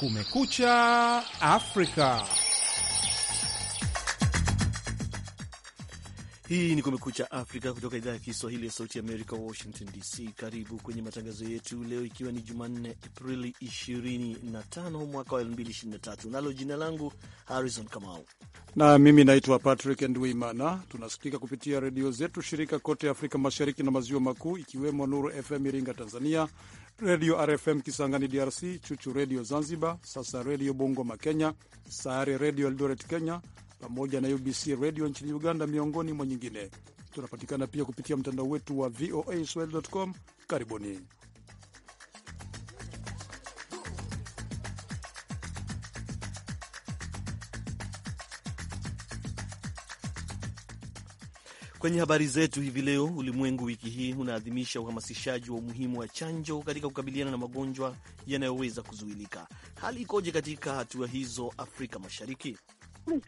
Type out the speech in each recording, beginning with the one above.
Kumekucha Afrika. Hii ni Kumekucha Afrika kutoka idhaa ya Kiswahili ya Sauti Amerika, Washington DC. Karibu kwenye matangazo yetu leo, ikiwa ni Jumanne Aprili 25 mwaka wa 2023, nalo jina langu Harrison Kamau na mimi naitwa Patrick Ndwimana. Tunasikika kupitia redio zetu shirika kote Afrika Mashariki na Maziwa Makuu, ikiwemo Nuru FM Iringa Tanzania, redio RFM Kisangani DRC, Chuchu redio Zanzibar, sasa redio Bungoma Kenya, Sayare redio Eldoret Kenya, pamoja na UBC redio nchini Uganda, miongoni mwa nyingine. Tunapatikana pia kupitia mtandao wetu wa VOA swahili.com. Karibuni. Kwenye habari zetu hivi leo, ulimwengu wiki hii unaadhimisha uhamasishaji wa umuhimu wa chanjo katika kukabiliana na magonjwa yanayoweza kuzuilika. Hali ikoje katika hatua hizo Afrika Mashariki?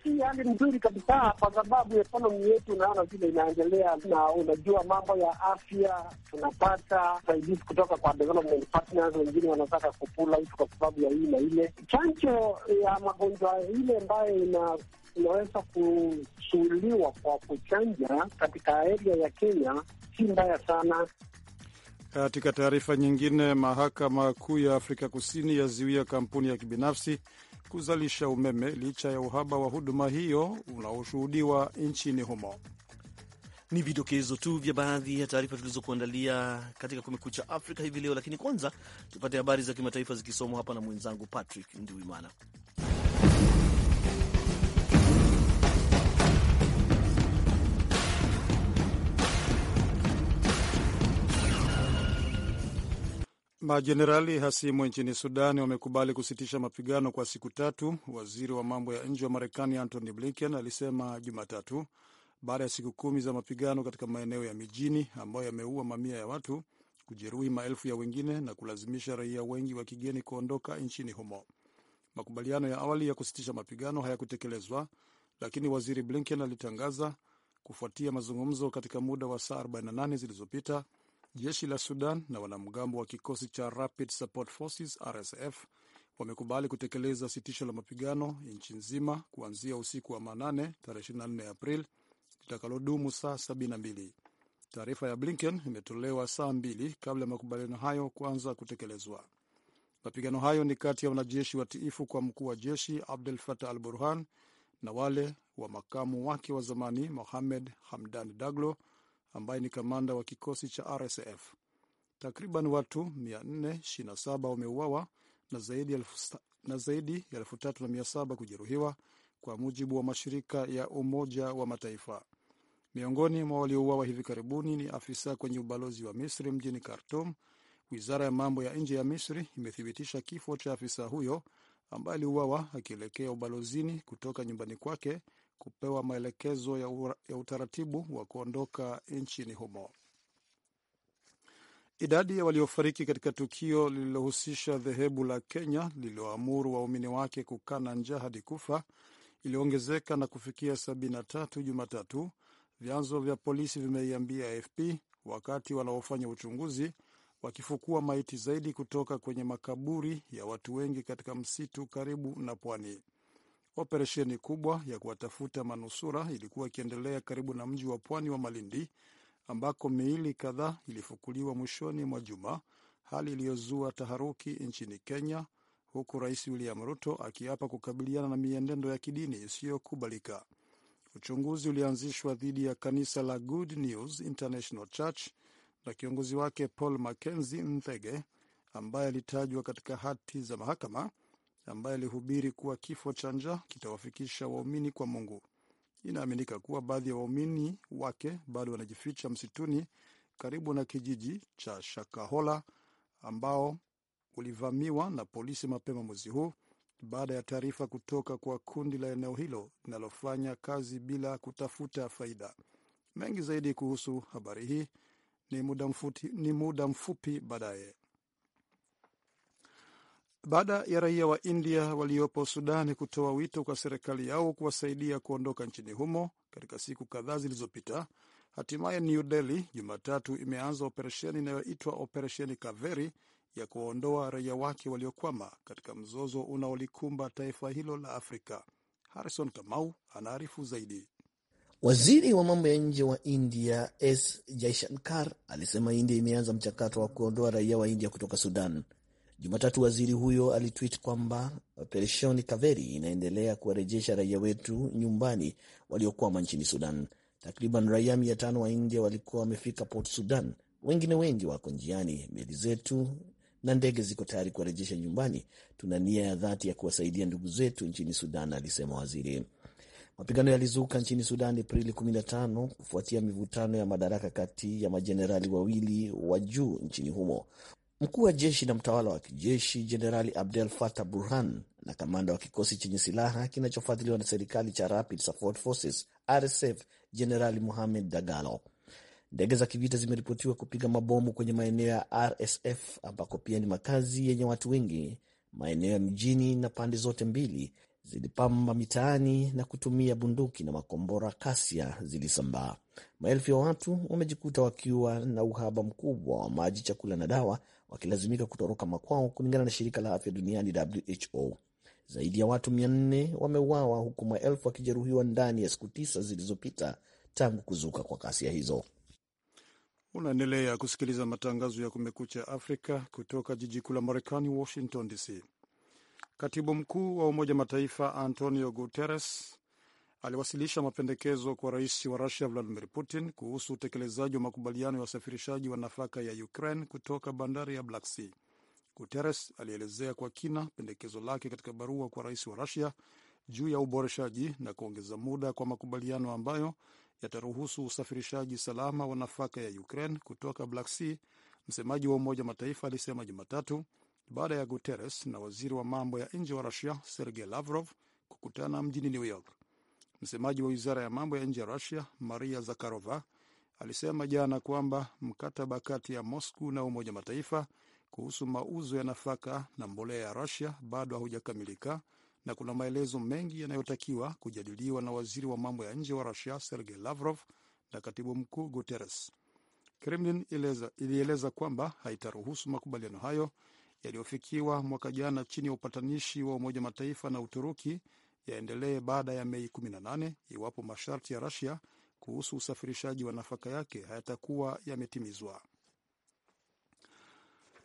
Si hali mzuri kabisa, kwa sababu ekonomi yetu unaona vile inaendelea, na unajua mambo ya afya, tunapata saidizi kutoka kwa development partners. Wengine wanataka kupula hitu kwa sababu ya hii na ile chanjo ya magonjwa ile ambayo ina unaweza kusuuliwa kwa kuchanja katika area ya Kenya si mbaya sana. Katika taarifa nyingine, mahakama kuu ya Afrika Kusini yazuia kampuni ya kibinafsi kuzalisha umeme licha ya uhaba wa huduma hiyo unaoshuhudiwa nchini humo. Ni vidokezo tu vya baadhi ya taarifa tulizokuandalia katika Kumekucha Afrika hivi leo, lakini kwanza tupate habari za kimataifa zikisomwa hapa na mwenzangu Patrick Nduwimana. Majenerali hasimu nchini Sudani wamekubali kusitisha mapigano kwa siku tatu, waziri wa mambo ya nje wa Marekani Antony Blinken alisema Jumatatu, baada ya siku kumi za mapigano katika maeneo ya mijini ambayo yameua mamia ya watu, kujeruhi maelfu ya wengine na kulazimisha raia wengi wa kigeni kuondoka nchini humo. Makubaliano ya awali ya kusitisha mapigano hayakutekelezwa, lakini waziri Blinken alitangaza kufuatia mazungumzo katika muda wa saa 48 zilizopita Jeshi la Sudan na wanamgambo wa kikosi cha Rapid Support Forces RSF wamekubali kutekeleza sitisho la mapigano nchi nzima kuanzia usiku wa manane tarehe 24 April litakalodumu saa 72. Taarifa ya Blinken imetolewa saa mbili kabla ya makubaliano hayo kuanza kutekelezwa. Mapigano hayo ni kati ya wanajeshi watiifu kwa mkuu wa jeshi Abdel Fattah al Burhan na wale wa makamu wake wa zamani Mohamed Hamdan Daglo ambaye ni kamanda wa kikosi cha RSF. Takriban watu 427 wameuawa na zaidi ya elfu kujeruhiwa kwa mujibu wa mashirika ya Umoja wa Mataifa. Miongoni mwa waliouawa hivi karibuni ni afisa kwenye ubalozi wa Misri mjini Khartum. Wizara ya mambo ya nje ya Misri imethibitisha kifo cha afisa huyo ambaye aliuawa akielekea ubalozini kutoka nyumbani kwake kupewa maelekezo ya, ura, ya utaratibu wa kuondoka nchini humo. Idadi ya waliofariki katika tukio lililohusisha dhehebu la Kenya lililoamuru waumini wake kukana njaa hadi kufa iliongezeka na kufikia 73 Jumatatu, vyanzo vya polisi vimeiambia AFP, wakati wanaofanya uchunguzi wakifukua maiti zaidi kutoka kwenye makaburi ya watu wengi katika msitu karibu na pwani. Operesheni kubwa ya kuwatafuta manusura ilikuwa ikiendelea karibu na mji wa pwani wa Malindi ambako miili kadhaa ilifukuliwa mwishoni mwa juma, hali iliyozua taharuki nchini Kenya, huku Rais William Ruto akiapa kukabiliana na mienendo ya kidini isiyokubalika. Uchunguzi ulianzishwa dhidi ya kanisa la Good News International Church na kiongozi wake Paul Mackenzie Mthege ambaye alitajwa katika hati za mahakama ambaye alihubiri kuwa kifo cha njaa kitawafikisha waumini kwa Mungu. Inaaminika kuwa baadhi ya waumini wake bado wanajificha msituni karibu na kijiji cha Shakahola ambao ulivamiwa na polisi mapema mwezi huu baada ya taarifa kutoka kwa kundi la eneo hilo linalofanya kazi bila kutafuta faida. Mengi zaidi kuhusu habari hii ni muda mfupi, ni muda mfupi baadaye baada ya raia wa India waliopo Sudani kutoa wito kwa serikali yao kuwasaidia kuondoka nchini humo katika siku kadhaa zilizopita. Hatimaye New Delhi Jumatatu imeanza operesheni inayoitwa Operesheni Kaveri ya kuwaondoa raia wake waliokwama katika mzozo unaolikumba taifa hilo la Afrika. Harrison Kamau anaarifu zaidi. Waziri wa mambo ya nje wa India S Jaishankar alisema India imeanza mchakato wa kuondoa raia wa India kutoka Sudan. Jumatatu waziri huyo alitwit kwamba operesheni Kaveri inaendelea kuwarejesha raia wetu nyumbani waliokwama nchini Sudan. Takriban raia mia tano wa India walikuwa wamefika Port Sudan, wengine wengi wako njiani. Meli zetu na ndege ziko tayari kuwarejesha nyumbani. Tuna nia ya dhati ya kuwasaidia ndugu zetu nchini Sudan, alisema waziri. Mapigano yalizuka nchini Sudan Aprili 15 kufuatia mivutano ya madaraka kati ya majenerali wawili wa juu nchini humo. Mkuu wa jeshi na mtawala wa kijeshi Jenerali Abdel Fattah Burhan na kamanda wa kikosi chenye silaha kinachofadhiliwa na serikali cha Rapid Support Forces RSF Jenerali Mohamed Dagalo. Ndege za kivita zimeripotiwa kupiga mabomu kwenye maeneo ya RSF ambako pia ni makazi yenye watu wengi. Maeneo ya mjini na pande zote mbili zilipamba mitaani na kutumia bunduki na makombora. Kasia zilisambaa, maelfu ya watu wamejikuta wakiwa na uhaba mkubwa wa maji, chakula na dawa, wakilazimika kutoroka makwao, kulingana na shirika la afya duniani WHO. Zaidi ya watu 400 wameuawa huku maelfu wakijeruhiwa ndani ya siku tisa zilizopita tangu kuzuka kwa ghasia hizo. Unaendelea kusikiliza matangazo ya Kumekucha Afrika kutoka jiji kuu la Marekani, Washington DC. Katibu mkuu wa Umoja Mataifa Antonio Guterres aliwasilisha mapendekezo kwa rais wa Rusia Vladimir Putin kuhusu utekelezaji wa makubaliano ya usafirishaji wa nafaka ya Ukraine kutoka bandari ya Black Sea. Guterres alielezea kwa kina pendekezo lake katika barua kwa rais wa Rusia juu ya uboreshaji na kuongeza muda kwa makubaliano ambayo yataruhusu usafirishaji salama wa nafaka ya Ukraine kutoka Black Sea, msemaji wa Umoja Mataifa alisema Jumatatu baada ya Guterres na waziri wa mambo ya nje wa Rusia Sergei Lavrov kukutana mjini New York. Msemaji wa wizara ya mambo ya nje ya Rusia, Maria Zakharova, alisema jana kwamba mkataba kati ya Moscow na Umoja Mataifa kuhusu mauzo ya nafaka na mbolea ya Rusia bado haujakamilika na kuna maelezo mengi yanayotakiwa kujadiliwa na waziri wa mambo ya nje wa Rusia Sergei Lavrov na katibu mkuu Guterres. Kremlin ilieleza, ilieleza kwamba haitaruhusu makubaliano hayo yaliyofikiwa mwaka jana chini ya upatanishi wa Umoja Mataifa na Uturuki yaendelee baada ya Mei 18 iwapo masharti ya rasia kuhusu usafirishaji wa nafaka yake hayatakuwa yametimizwa.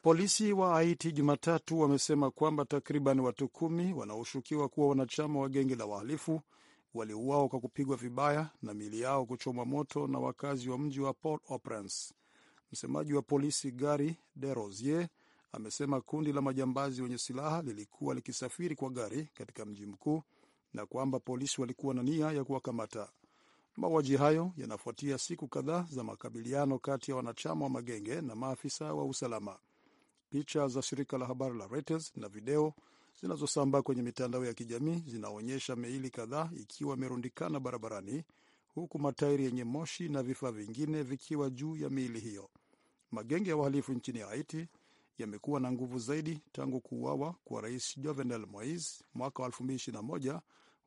Polisi wa Haiti Jumatatu wamesema kwamba takriban watu kumi wanaoshukiwa kuwa wanachama wa genge la wahalifu waliuawa kwa kupigwa vibaya na miili yao kuchomwa moto na wakazi wa mji wa Port-au-Prince. Msemaji wa polisi Gary De Rosier amesema kundi la majambazi wenye silaha lilikuwa likisafiri kwa gari katika mji mkuu na kwamba polisi walikuwa na nia ya kuwakamata. Mauaji hayo yanafuatia siku kadhaa za makabiliano kati ya wanachama wa magenge na maafisa wa usalama. Picha za shirika la habari la Reuters na video zinazosambaa kwenye mitandao ya kijamii zinaonyesha miili kadhaa ikiwa imerundikana barabarani huku matairi yenye moshi na vifaa vingine vikiwa juu ya miili hiyo. Magenge ya uhalifu nchini Haiti yamekuwa na nguvu zaidi tangu kuuawa kwa rais Jovenel Moise mwaka wa 2021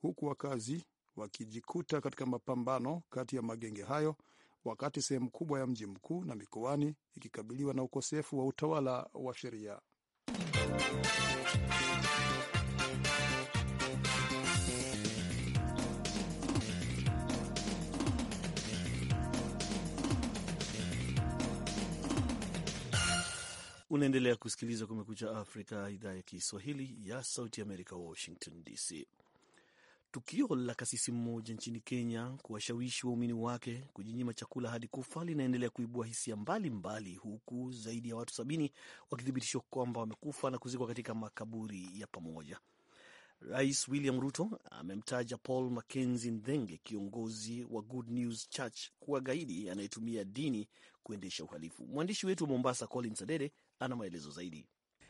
huku wakazi wakijikuta katika mapambano kati ya magenge hayo, wakati sehemu kubwa ya mji mkuu na mikoani ikikabiliwa na ukosefu wa utawala wa sheria. Unaendelea kusikiliza Kumekucha Afrika, idhaa ya Kiswahili ya Sauti Amerika, Washington DC. Tukio la kasisi mmoja nchini Kenya kuwashawishi waumini wake kujinyima chakula hadi kufa linaendelea kuibua hisia mbalimbali, huku zaidi ya watu sabini wakithibitishwa kwamba wamekufa na kuzikwa katika makaburi ya pamoja. Rais William Ruto amemtaja Paul Mackenzie Ndhenge, kiongozi wa Good News Church, kuwa gaidi anayetumia dini kuendesha uhalifu. Mwandishi wetu wa Mombasa, Collins Adede, ana maelezo zaidi.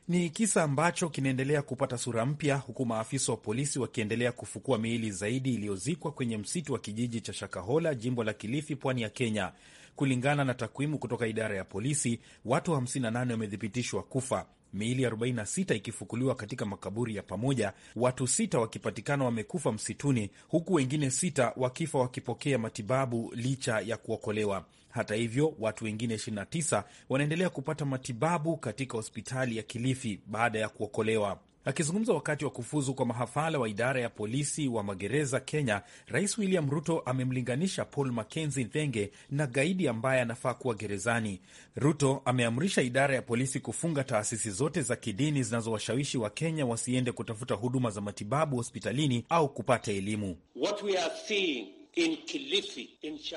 Ni kisa ambacho kinaendelea kupata sura mpya huku maafisa wa polisi wakiendelea kufukua miili zaidi iliyozikwa kwenye msitu wa kijiji cha Shakahola, jimbo la Kilifi, pwani ya Kenya. Kulingana na takwimu kutoka idara ya polisi, watu 58 wamethibitishwa kufa miili 46 ikifukuliwa katika makaburi ya pamoja, watu sita wakipatikana wamekufa msituni, huku wengine sita wakifa wakipokea matibabu licha ya kuokolewa. Hata hivyo, watu wengine 29 wanaendelea kupata matibabu katika hospitali ya Kilifi baada ya kuokolewa. Akizungumza wakati wa kufuzu kwa mahafala wa idara ya polisi wa magereza Kenya, Rais William Ruto amemlinganisha Paul Mackenzie Nthenge na gaidi ambaye anafaa kuwa gerezani. Ruto ameamrisha idara ya polisi kufunga taasisi zote za kidini zinazowashawishi kenya wasiende kutafuta huduma za matibabu hospitalini au kupata elimu. What we are seeing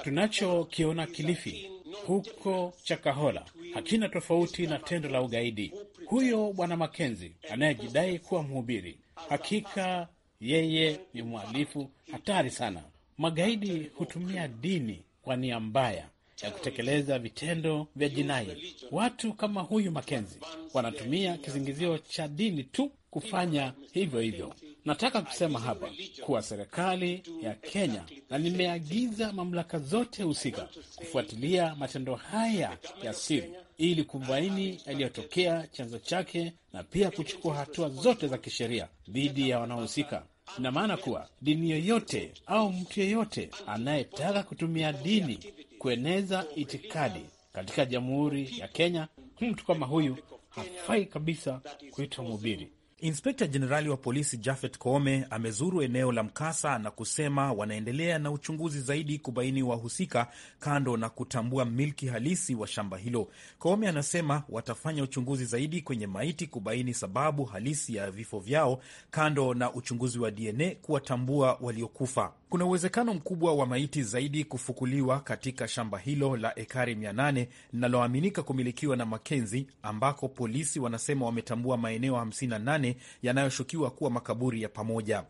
Tunachokiona Kilifi huko Chakahola hakina tofauti na tendo la ugaidi. Huyo bwana Makenzi anayejidai kuwa mhubiri, hakika yeye ni mhalifu hatari sana. Magaidi hutumia dini kwa nia mbaya ya kutekeleza vitendo vya jinai. Watu kama huyu Makenzi wanatumia kisingizio cha dini tu kufanya hivyo hivyo. Nataka kusema hapa kuwa serikali ya Kenya na nimeagiza mamlaka zote husika kufuatilia matendo haya ya siri ili kubaini yaliyotokea, chanzo chake, na pia kuchukua hatua zote za kisheria dhidi ya wanaohusika. Ina maana kuwa dini yoyote au mtu yeyote anayetaka kutumia dini kueneza itikadi katika Jamhuri ya Kenya, mtu kama huyu hafai kabisa kuitwa mhubiri. Inspekta Jenerali wa polisi Jafet Koome amezuru eneo la mkasa na kusema wanaendelea na uchunguzi zaidi kubaini wahusika, kando na kutambua milki halisi wa shamba hilo. Koome anasema watafanya uchunguzi zaidi kwenye maiti kubaini sababu halisi ya vifo vyao, kando na uchunguzi wa DNA kuwatambua waliokufa kuna uwezekano mkubwa wa maiti zaidi kufukuliwa katika shamba hilo la ekari 800 linaloaminika kumilikiwa na Makenzi, ambako polisi wanasema wametambua maeneo 58 yanayoshukiwa kuwa makaburi ya pamoja.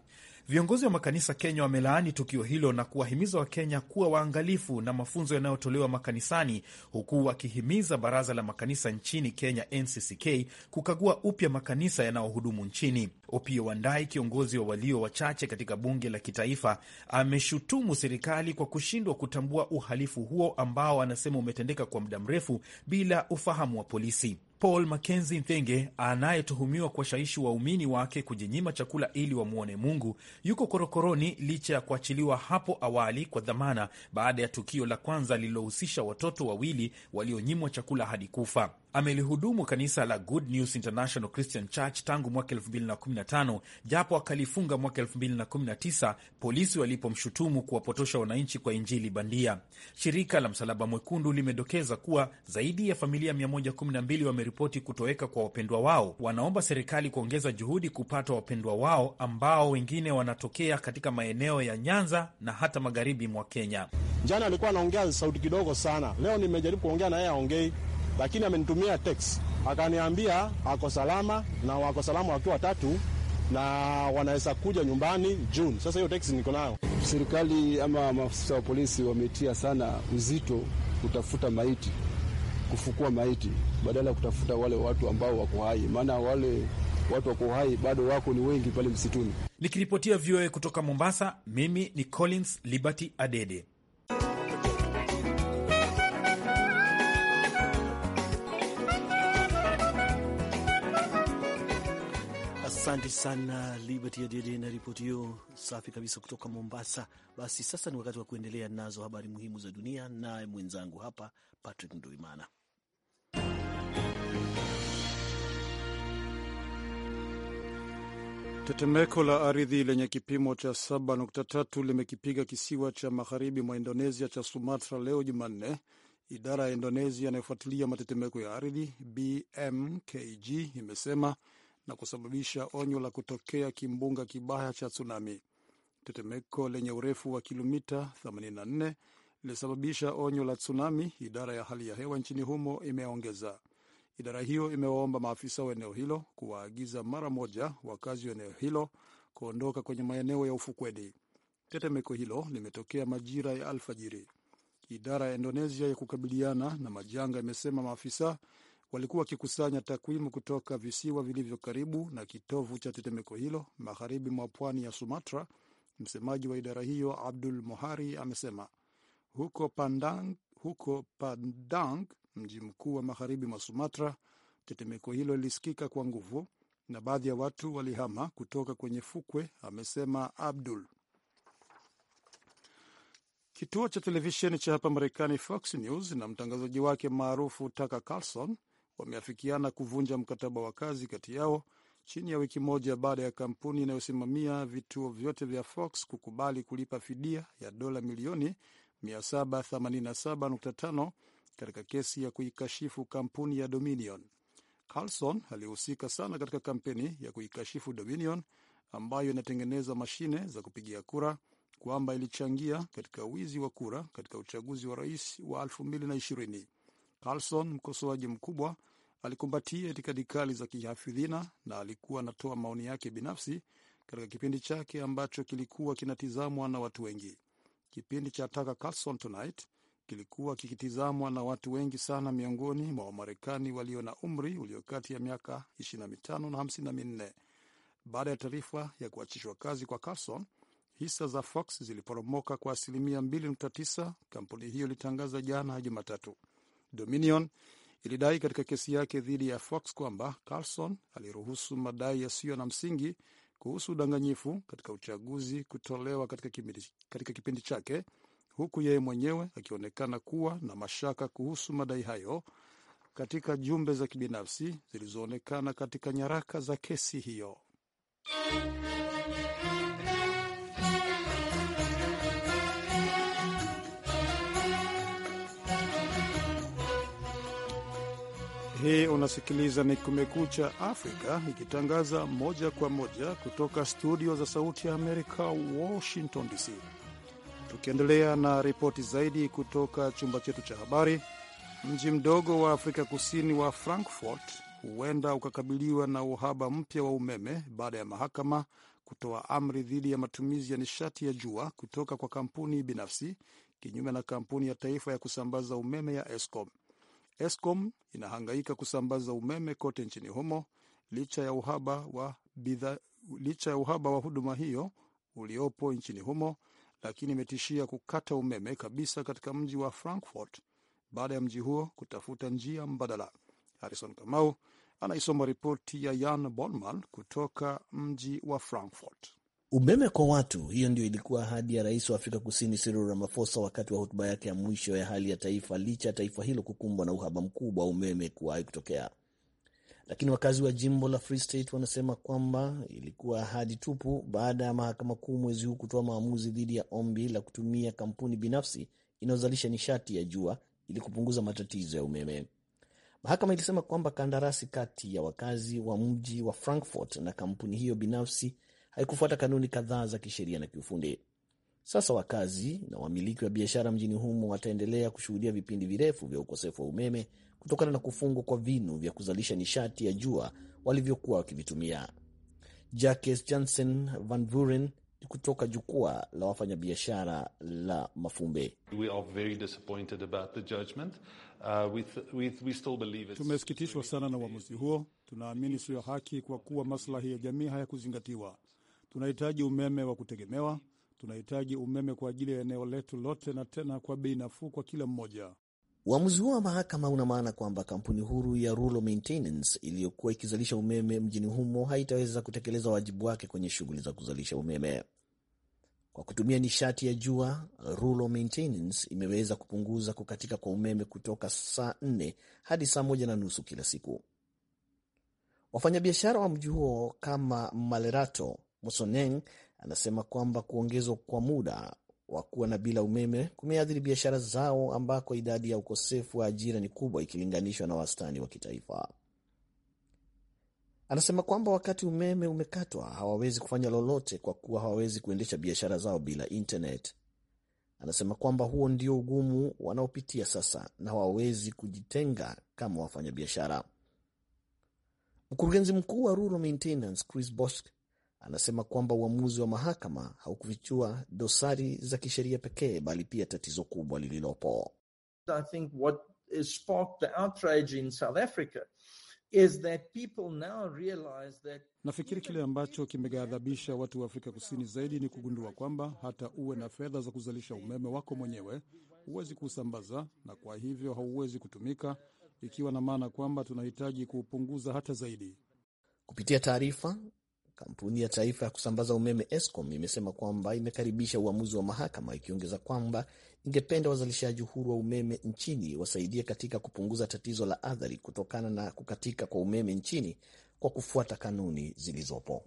Viongozi wa makanisa Kenya wamelaani tukio hilo na kuwahimiza Wakenya kuwa waangalifu na mafunzo yanayotolewa makanisani, huku wakihimiza baraza la makanisa nchini Kenya, NCCK, kukagua upya makanisa yanayohudumu nchini. Opiyo Wandayi, kiongozi wa walio wachache katika bunge la kitaifa, ameshutumu serikali kwa kushindwa kutambua uhalifu huo ambao anasema umetendeka kwa muda mrefu bila ufahamu wa polisi. Paul Mackenzie Nthenge anayetuhumiwa kuwashawishi waumini wake kujinyima chakula ili wamwone Mungu yuko korokoroni licha ya kuachiliwa hapo awali kwa dhamana baada ya tukio la kwanza lililohusisha watoto wawili walionyimwa chakula hadi kufa. Amelihudumu kanisa la Good News International Christian Church tangu mwaka 2015 japo akalifunga mwaka 2019 polisi walipomshutumu kuwapotosha wananchi kwa injili bandia. Shirika la Msalaba Mwekundu limedokeza kuwa zaidi ya familia 112 wameripoti kutoweka kwa wapendwa wao. Wanaomba serikali kuongeza juhudi kupata wapendwa wao ambao wengine wanatokea katika maeneo ya Nyanza na hata magharibi mwa Kenya. Jana alikuwa anaongea sauti kidogo sana, leo nimejaribu kuongea na yeye aongei lakini amenitumia text akaniambia ako salama na wako salama wakiwa watatu na wanaweza kuja nyumbani June. Sasa hiyo text niko nayo. Serikali ama maafisa wa polisi wametia sana uzito kutafuta maiti, kufukua maiti badala ya kutafuta wale watu ambao wako hai, maana wale watu wako hai bado wako ni wengi pale msituni. Nikiripotia VOA kutoka Mombasa, mimi ni Collins Liberty Adede. Asante sana Liberty Adede na ripoti hiyo safi kabisa kutoka Mombasa. Basi sasa ni wakati wa kuendelea nazo habari muhimu za dunia, naye mwenzangu hapa Patrick Nduimana. Tetemeko la ardhi lenye kipimo cha 7.3 limekipiga kisiwa cha magharibi mwa Indonesia cha Sumatra leo Jumanne. Idara ya Indonesia inayofuatilia matetemeko ya ardhi BMKG imesema na kusababisha onyo la kutokea kimbunga kibaya cha tsunami. Tetemeko lenye urefu wa kilomita 84 lilisababisha onyo la tsunami, idara ya hali ya hewa nchini humo imeongeza. Idara hiyo imewaomba maafisa wa eneo hilo kuwaagiza mara moja wakazi wa eneo hilo kuondoka kwenye maeneo ya ufukweni. Tetemeko hilo limetokea majira ya alfajiri. Idara ya Indonesia ya kukabiliana na majanga imesema maafisa walikuwa wakikusanya takwimu kutoka visiwa vilivyo karibu na kitovu cha tetemeko hilo magharibi mwa pwani ya Sumatra. Msemaji wa idara hiyo Abdul Mohari amesema huko pandang huko Pandang, mji mkuu wa magharibi mwa Sumatra, tetemeko hilo lilisikika kwa nguvu na baadhi ya watu walihama kutoka kwenye fukwe, amesema Abdul. Kituo cha televisheni cha hapa Marekani, Fox News, na mtangazaji wake maarufu Tucker Carlson wameafikiana kuvunja mkataba wa kazi kati yao chini ya wiki moja baada ya kampuni inayosimamia vituo vyote vya Fox kukubali kulipa fidia ya dola milioni 787.5 katika kesi ya kuikashifu kampuni ya Dominion. Carlson alihusika sana katika kampeni ya kuikashifu Dominion ambayo inatengeneza mashine za kupigia kura kwamba ilichangia katika wizi wa kura katika uchaguzi wa rais wa 2020. Carlson, mkosoaji mkubwa, alikumbatia itikadi kali za kihafidhina na alikuwa anatoa maoni yake binafsi katika kipindi chake ambacho kilikuwa kinatizamwa na watu wengi. Kipindi cha Tucker Carlson Tonight kilikuwa kikitizamwa na watu wengi sana miongoni mwa Wamarekani walio na umri ulio kati ya miaka 25 na 54. Baada ya taarifa ya kuachishwa kazi kwa Carlson, hisa za Fox ziliporomoka kwa asilimia 2.9, kampuni hiyo ilitangaza jana Jumatatu. Dominion ilidai katika kesi yake dhidi ya Fox kwamba Carlson aliruhusu madai yasiyo na msingi kuhusu udanganyifu katika uchaguzi kutolewa katika kimidi, katika kipindi chake huku yeye mwenyewe akionekana kuwa na mashaka kuhusu madai hayo katika jumbe za kibinafsi zilizoonekana katika nyaraka za kesi hiyo. hii unasikiliza ni Kumekucha Afrika ikitangaza moja kwa moja kutoka studio za Sauti ya Amerika, Washington DC. Tukiendelea na ripoti zaidi kutoka chumba chetu cha habari, mji mdogo wa Afrika Kusini wa Frankfurt huenda ukakabiliwa na uhaba mpya wa umeme baada ya mahakama kutoa amri dhidi ya matumizi ya nishati ya jua kutoka kwa kampuni binafsi kinyume na kampuni ya taifa ya kusambaza umeme ya Eskom. Eskom inahangaika kusambaza umeme kote nchini humo licha ya uhaba wa bidha, licha ya uhaba wa huduma hiyo uliopo nchini humo, lakini imetishia kukata umeme kabisa katika mji wa Frankfurt baada ya mji huo kutafuta njia mbadala. Harrison Kamau anaisoma ripoti ya Yan Bonman kutoka mji wa Frankfurt umeme kwa watu. Hiyo ndio ilikuwa ahadi ya rais wa Afrika Kusini Cyril Ramaphosa wakati wa hotuba yake ya mwisho ya hali ya taifa, licha ya taifa hilo kukumbwa na uhaba mkubwa wa umeme kuwahi kutokea. Lakini wakazi wa jimbo la Free State wanasema kwamba ilikuwa ahadi tupu baada ya mahakama kuu mwezi huu kutoa maamuzi dhidi ya ombi la kutumia kampuni binafsi inayozalisha nishati ya jua ili kupunguza matatizo ya umeme. Mahakama ilisema kwamba kandarasi kati ya wakazi wa mji wa Frankfurt na kampuni hiyo binafsi haikufuata kanuni kadhaa za kisheria na kiufundi. Sasa wakazi na wamiliki wa biashara mjini humo wataendelea kushuhudia vipindi virefu vya ukosefu wa umeme kutokana na kufungwa kwa vinu vya kuzalisha nishati ya jua walivyokuwa wakivitumia. Jacques Jansen Van Vuren kutoka jukwaa la wafanyabiashara la Mafumbe. Uh, tumesikitishwa sana na uamuzi huo. Tunaamini siyo haki kwa kuwa maslahi ya jamii hayakuzingatiwa. Tunahitaji umeme wa kutegemewa, tunahitaji umeme kwa ajili ya eneo letu lote, na tena kwa bei nafuu kwa kila mmoja. Uamuzi huo wa mahakama una maana kwamba kampuni huru ya Rural Maintenance iliyokuwa ikizalisha umeme mjini humo haitaweza kutekeleza wajibu wake kwenye shughuli za kuzalisha umeme kwa kutumia nishati ya jua. Rural Maintenance imeweza kupunguza kukatika kwa umeme kutoka saa nne hadi saa moja na nusu kila siku. Wafanyabiashara wa mji huo kama Malerato Mosoneng anasema kwamba kuongezwa kwa muda wa kuwa na bila umeme kumeathiri biashara zao ambako idadi ya ukosefu wa ajira ni kubwa ikilinganishwa na wastani wa kitaifa. Anasema kwamba wakati umeme umekatwa hawawezi kufanya lolote kwa kuwa hawawezi kuendesha biashara zao bila internet. Anasema kwamba huo ndio ugumu wanaopitia sasa na hawawezi kujitenga kama wafanyabiashara. Mkurugenzi mkuu wa Rural Maintenance Chris Bosk anasema kwamba uamuzi wa mahakama haukufichua dosari za kisheria pekee bali pia tatizo kubwa lililopo. nafikiri kile ambacho kimeghadhabisha watu wa Afrika Kusini zaidi ni kugundua kwamba hata uwe na fedha za kuzalisha umeme wako mwenyewe, huwezi kuusambaza na kwa hivyo hauwezi kutumika, ikiwa na maana kwamba tunahitaji kuupunguza hata zaidi. Kupitia taarifa Kampuni ya taifa ya kusambaza umeme ESCOM imesema kwamba imekaribisha uamuzi wa mahakama, ikiongeza kwamba ingependa wazalishaji huru wa umeme nchini wasaidie katika kupunguza tatizo la athari kutokana na kukatika kwa umeme nchini kwa kufuata kanuni zilizopo.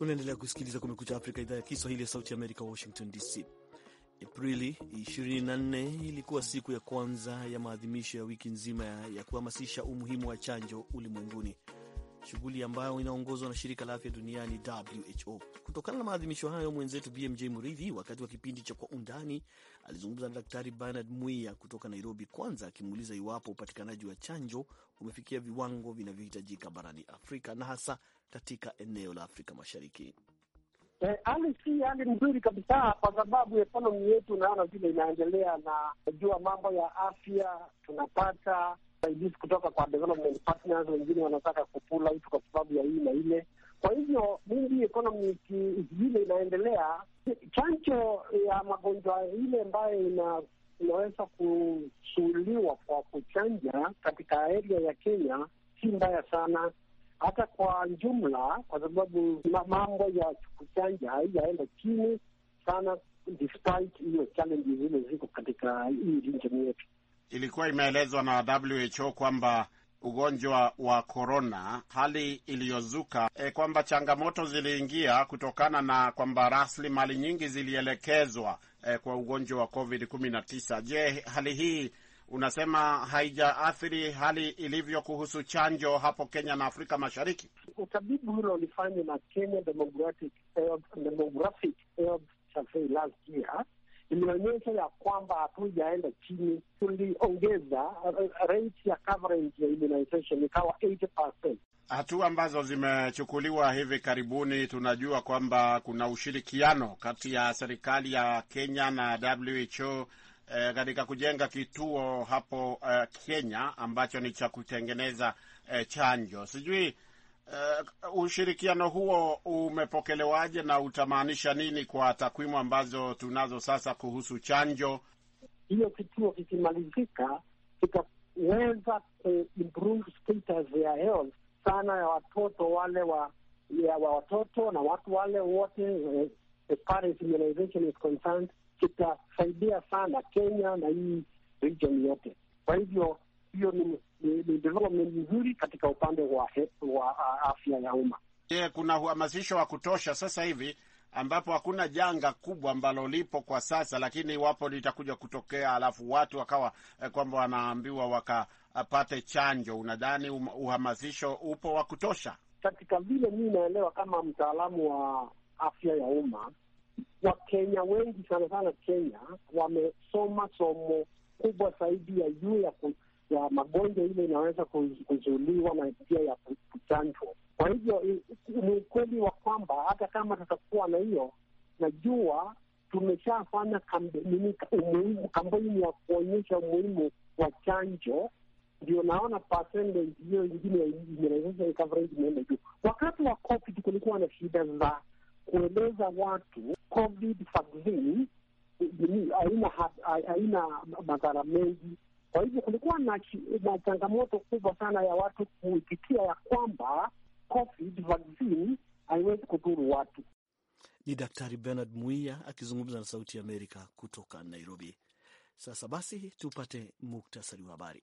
Unaendelea kusikiliza Kumekucha Afrika, idhaa ya Kiswahili ya Sauti ya Amerika, Washington DC. Aprili 24 ilikuwa siku ya kwanza ya maadhimisho ya wiki nzima ya kuhamasisha umuhimu wa chanjo ulimwenguni, shughuli ambayo inaongozwa na shirika la afya duniani WHO. Kutokana na maadhimisho hayo, mwenzetu BMJ Muridhi, wakati wa kipindi cha Kwa Undani, alizungumza na Daktari Bernard Mwia kutoka Nairobi, kwanza akimuuliza iwapo upatikanaji wa chanjo umefikia viwango vinavyohitajika barani Afrika na hasa katika eneo la Afrika Mashariki. Eh, hali si hali nzuri kabisa, kwa sababu ekonomi yetu unaona vile inaendelea, na jua mambo ya afya tunapata saidizi kutoka kwa development partners, wengine wanataka kupula hitu kwa sababu ya hii na ile. Kwa hivyo mingi ekonomi vile inaendelea, chanjo ya magonjwa ile ambayo ina inaweza kusuuliwa kwa kuchanja katika area ya Kenya si mbaya sana hata kwa jumla, kwa sababu mambo ya chukuchanja haijaenda chini sana, despite hiyo challenge zile ziko katika hii nchi yetu. Ilikuwa imeelezwa na WHO kwamba ugonjwa wa korona, hali iliyozuka e, kwamba changamoto ziliingia kutokana na kwamba rasilimali nyingi zilielekezwa e, kwa ugonjwa wa covid 19. Je, hali hii unasema haijaathiri hali ilivyo kuhusu chanjo hapo Kenya na Afrika Mashariki. Utabibu hilo ulifanywa na Kenya Demographic, Demographic Health Survey last year imeonyesha ya kwamba hatujaenda chini. Tuliongeza rate ya coverage ya immunization ikawa 80%. Hatua ambazo zimechukuliwa hivi karibuni, tunajua kwamba kuna ushirikiano kati ya serikali ya Kenya na WHO e, katika kujenga kituo hapo e, Kenya ambacho ni cha kutengeneza e, chanjo. Sijui Uh, ushirikiano huo umepokelewaje na utamaanisha nini kwa takwimu ambazo tunazo sasa kuhusu chanjo hiyo? Kituo kikimalizika kitaweza kuimprove status ya health sana ya watoto wale wa ya watoto na watu wale wote, as far as immunization is concerned, kitasaidia sana Kenya na hii region yote. Kwa hivyo hiyo ni, ni, ni development nzuri katika upande wa, wa afya ya umma. Je, kuna uhamasisho wa kutosha sasa hivi ambapo hakuna janga kubwa ambalo lipo kwa sasa, lakini iwapo litakuja kutokea, alafu watu wakawa eh, kwamba wanaambiwa wakapate chanjo, unadhani um, uhamasisho upo wa kutosha? Katika vile mii naelewa kama mtaalamu wa afya ya umma Wakenya wengi sana sana Kenya wamesoma somo kubwa zaidi ya juu ya, ya magonjwa ile inaweza kuzuliwa na njia ya kuchanjwa. Kwa hivyo ni ukweli wa kwamba hata kama tutakuwa na hiyo, najua tumeshafanya kampeni ya kuonyesha umuhimu wa chanjo, ndio naona percentage hiyo ingine imeenda juu. Wakati wa COVID kulikuwa na shida za kueleza watu COVID vaccine haina haina madhara mengi. Kwa hivyo kulikuwa na, changamoto kubwa sana ya watu kuitikia ya kwamba COVID vaccine haiwezi kudhuru watu. Ni Daktari Bernard Muia akizungumza na Sauti ya Amerika kutoka Nairobi. Sasa basi tupate muktasari wa habari.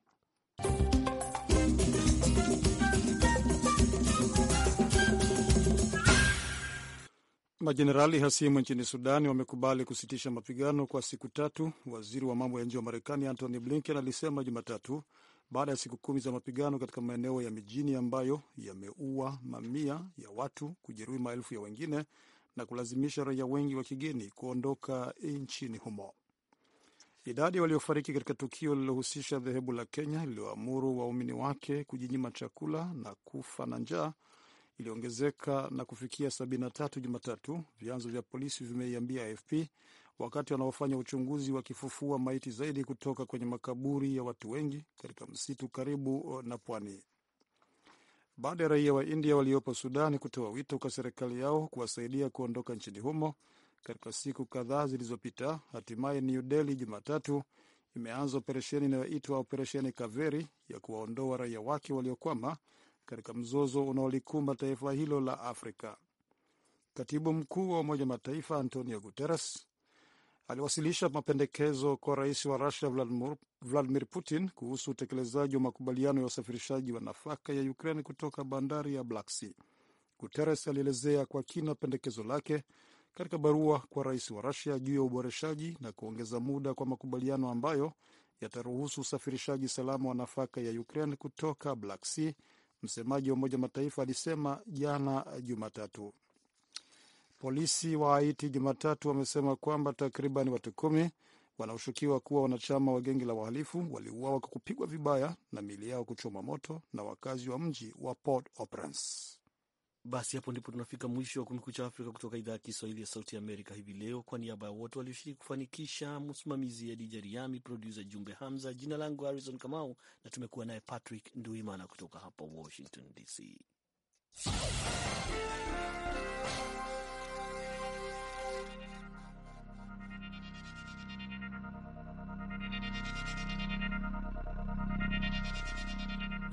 Majenerali hasimu nchini Sudani wamekubali kusitisha mapigano kwa siku tatu, waziri wa mambo ya nje wa Marekani Antony Blinken alisema Jumatatu, baada ya siku kumi za mapigano katika maeneo ya mijini ambayo yameua mamia ya watu, kujeruhi maelfu ya wengine na kulazimisha raia wengi wa kigeni kuondoka nchini humo. Idadi waliofariki katika tukio lililohusisha dhehebu la Kenya lililoamuru waumini wake kujinyima chakula na kufa na njaa iliongezeka na kufikia 73 Jumatatu, vyanzo vya polisi vimeiambia AFP, wakati wanaofanya uchunguzi wakifufua maiti zaidi kutoka kwenye makaburi ya watu wengi katika msitu karibu eh, na pwani. Baada ya raia wa India waliopo Sudani kutoa wito kwa serikali yao kuwasaidia kuondoka nchini humo katika siku kadhaa zilizopita, hatimaye New Delhi Jumatatu imeanza operesheni inayoitwa Operesheni Kaveri ya kuwaondoa raia wake waliokwama katika mzozo unaolikumba taifa hilo la Afrika. Katibu mkuu wa Umoja Mataifa Antonio Guterres aliwasilisha mapendekezo kwa rais wa Rusia Vladimir Putin kuhusu utekelezaji wa makubaliano ya usafirishaji wa nafaka ya Ukraine kutoka bandari ya Black Sea. Guterres alielezea kwa kina pendekezo lake katika barua kwa rais wa Rusia juu ya uboreshaji na kuongeza muda kwa makubaliano ambayo yataruhusu usafirishaji salama wa nafaka ya Ukraine kutoka Black Sea msemaji wa Umoja wa Mataifa alisema jana Jumatatu. Polisi wa Haiti Jumatatu wamesema kwamba takriban watu kumi wanaoshukiwa kuwa wanachama wa genge la wahalifu waliuawa kwa kupigwa vibaya na miili yao kuchoma moto na wakazi wa mji wa Port au Prince. Basi hapo ndipo tunafika mwisho wa Kumekucha Afrika kutoka idhaa ya Kiswahili ya Sauti ya Amerika hivi leo. Kwa niaba ya wote walioshiriki kufanikisha, msimamizi Adija Riami, produsa Jumbe Hamza, jina langu Harrison Kamau na tumekuwa naye Patrick Nduimana kutoka hapa Washington DC.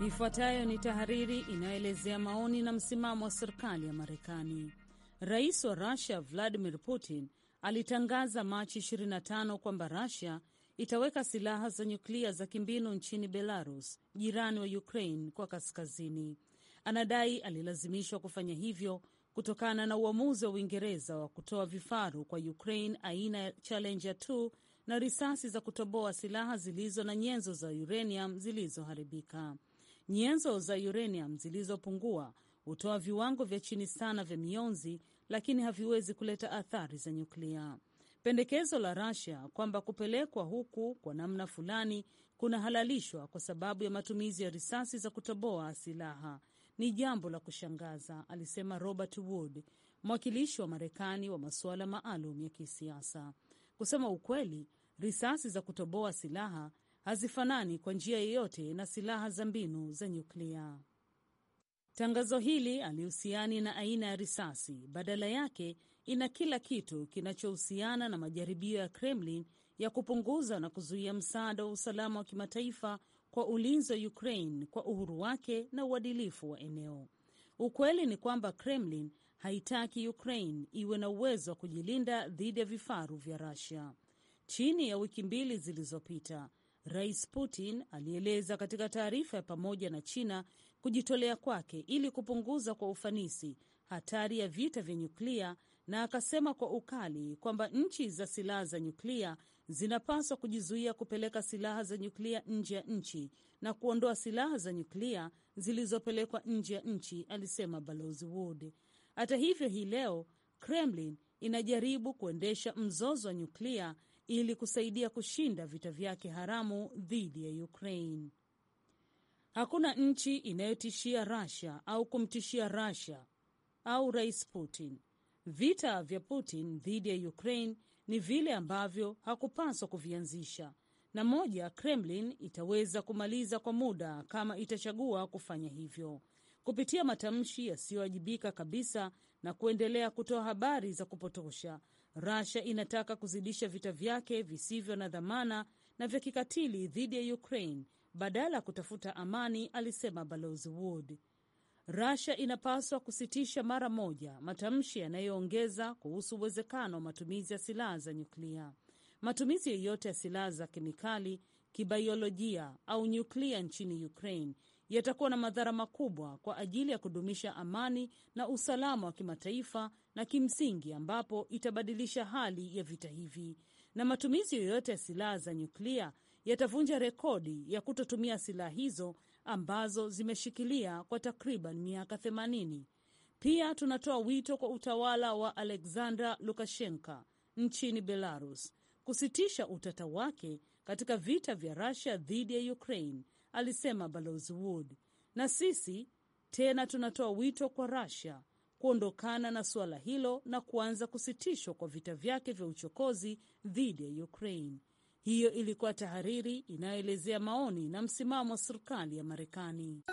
Ifuatayo ni tahariri inayoelezea maoni na msimamo wa serikali ya Marekani. Rais wa Rusia Vladimir Putin alitangaza Machi 25 kwamba Rusia itaweka silaha za nyuklia za kimbinu nchini Belarus, jirani wa Ukraine kwa kaskazini. Anadai alilazimishwa kufanya hivyo kutokana na uamuzi wa Uingereza wa kutoa vifaru kwa Ukraine aina ya Challenger 2 na risasi za kutoboa silaha zilizo na nyenzo za uranium zilizoharibika. Nyenzo za uranium zilizopungua hutoa viwango vya chini sana vya mionzi, lakini haviwezi kuleta athari za nyuklia. Pendekezo la Russia kwamba kupelekwa huku kwa namna fulani kunahalalishwa kwa sababu ya matumizi ya risasi za kutoboa silaha ni jambo la kushangaza, alisema Robert Wood, mwakilishi wa Marekani wa masuala maalum ya kisiasa. Kusema ukweli, risasi za kutoboa silaha hazifanani kwa njia yeyote na silaha za mbinu za nyuklia. Tangazo hili alihusiani na aina ya risasi, badala yake ina kila kitu kinachohusiana na majaribio ya Kremlin ya kupunguza na kuzuia msaada wa usalama wa kimataifa kwa ulinzi wa Ukraine kwa uhuru wake na uadilifu wa eneo. Ukweli ni kwamba Kremlin haitaki Ukraine iwe na uwezo wa kujilinda dhidi ya vifaru vya Russia. Chini ya wiki mbili zilizopita, Rais Putin alieleza katika taarifa ya pamoja na China kujitolea kwake ili kupunguza kwa ufanisi hatari ya vita vya nyuklia na akasema kwa ukali kwamba nchi za silaha za nyuklia zinapaswa kujizuia kupeleka silaha za nyuklia nje ya nchi na kuondoa silaha za nyuklia zilizopelekwa nje ya nchi, alisema Balozi Wood. Hata hivyo, hii leo Kremlin inajaribu kuendesha mzozo wa nyuklia ili kusaidia kushinda vita vyake haramu dhidi ya Ukraine. Hakuna nchi inayotishia Russia au kumtishia Russia au Rais Putin. Vita vya Putin dhidi ya Ukraine ni vile ambavyo hakupaswa kuvianzisha, na moja, Kremlin itaweza kumaliza kwa muda kama itachagua kufanya hivyo kupitia matamshi yasiyowajibika kabisa na kuendelea kutoa habari za kupotosha Russia inataka kuzidisha vita vyake visivyo na dhamana na vya kikatili dhidi ya Ukraine badala ya kutafuta amani, alisema Balozi Wood. Russia inapaswa kusitisha mara moja matamshi yanayoongeza kuhusu uwezekano wa matumizi ya silaha za nyuklia. Matumizi yoyote ya silaha za kemikali, kibaiolojia au nyuklia nchini Ukraine yatakuwa na madhara makubwa kwa ajili ya kudumisha amani na usalama wa kimataifa na kimsingi, ambapo itabadilisha hali ya vita hivi, na matumizi yoyote ya silaha za nyuklia yatavunja rekodi ya kutotumia silaha hizo ambazo zimeshikilia kwa takriban miaka 80. Pia tunatoa wito kwa utawala wa Alexander Lukashenka nchini Belarus kusitisha utata wake katika vita vya Russia dhidi ya Ukraine alisema Balozi Wood. Na sisi tena tunatoa wito kwa Russia kuondokana na suala hilo na kuanza kusitishwa kwa vita vyake vya uchokozi dhidi ya Ukraine. Hiyo ilikuwa tahariri inayoelezea maoni na msimamo wa serikali ya Marekani.